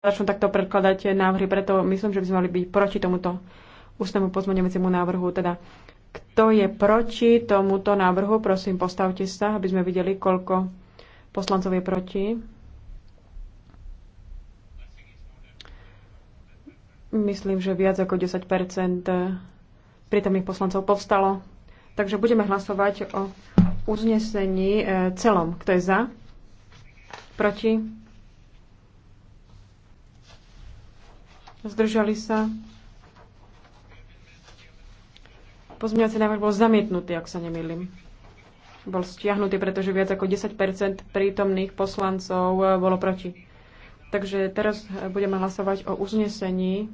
začnú takto predkladať návrhy, preto myslím, že by sme mali byť proti tomuto ústnemu pozmeňujúcemu návrhu. Teda, kto je proti tomuto návrhu, prosím, postavte sa, aby sme videli, koľko poslancov je proti. Myslím, že viac ako 10 prítomných poslancov povstalo. Takže budeme hlasovať o uznesení e, celom. Kto je za? Proti? Zdržali sa? Pozmeňovací návrh bol zamietnutý, ak sa nemýlim. Bol stiahnutý, pretože viac ako 10 prítomných poslancov eh, bolo proti. Takže teraz eh, budeme hlasovať o uznesení,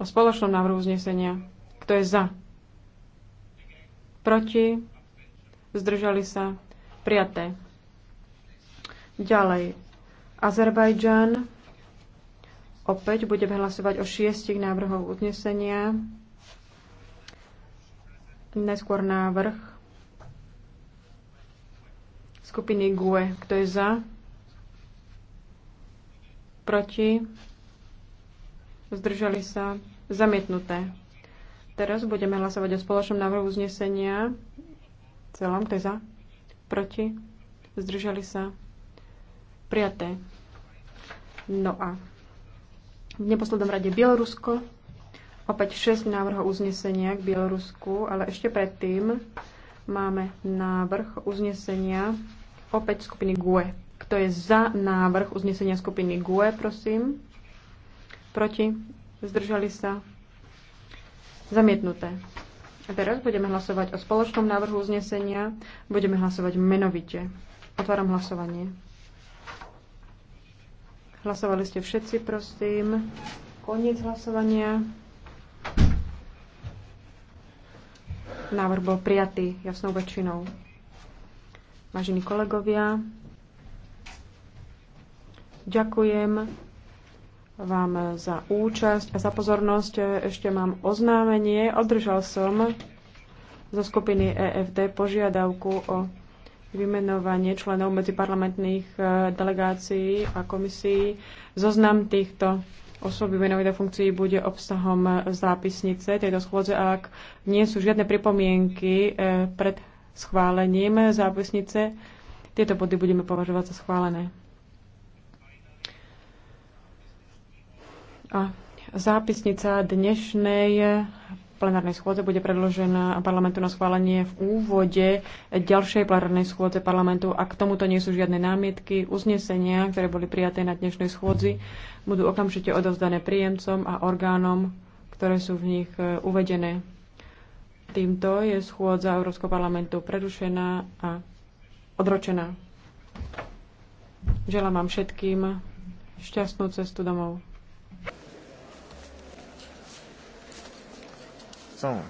o spoločnom návrhu uznesenia. Kto je za? Proti? Zdržali sa? Prijaté. Ďalej. Azerbajdžan Opäť budeme hlasovať o šiestich návrhov uznesenia. Neskôr návrh skupiny GUE. Kto je za? Proti? Zdržali sa? Zamietnuté. Teraz budeme hlasovať o spoločnom návrhu uznesenia. Celom. Kto je za? Proti? Zdržali sa? Prijaté. No a v neposlednom rade Bielorusko. Opäť 6 návrhov uznesenia k Bielorusku, ale ešte predtým máme návrh uznesenia opäť skupiny GUE. Kto je za návrh uznesenia skupiny GUE, prosím? Proti? Zdržali sa? Zamietnuté. A teraz budeme hlasovať o spoločnom návrhu uznesenia. Budeme hlasovať menovite. Otváram hlasovanie. Hlasovali ste všetci, prosím. Koniec hlasovania. Návrh bol prijatý jasnou väčšinou. Vážení kolegovia, ďakujem vám za účasť a za pozornosť. Ešte mám oznámenie. Održal som zo skupiny EFD požiadavku o vymenovanie členov medziparlamentných e, delegácií a komisií. Zoznam týchto osob vymenových do funkcií bude obsahom zápisnice tejto schôdze a ak nie sú žiadne pripomienky e, pred schválením zápisnice, tieto body budeme považovať za schválené. A zápisnica dnešnej plenárnej schôdze bude predložená parlamentu na schválenie v úvode ďalšej plenárnej schôdze parlamentu. A k tomuto nie sú žiadne námietky, uznesenia, ktoré boli prijaté na dnešnej schôdzi, budú okamžite odovzdané príjemcom a orgánom, ktoré sú v nich e, uvedené. Týmto je schôdza Európskeho parlamentu prerušená a odročená. Želám vám všetkým šťastnú cestu domov. So.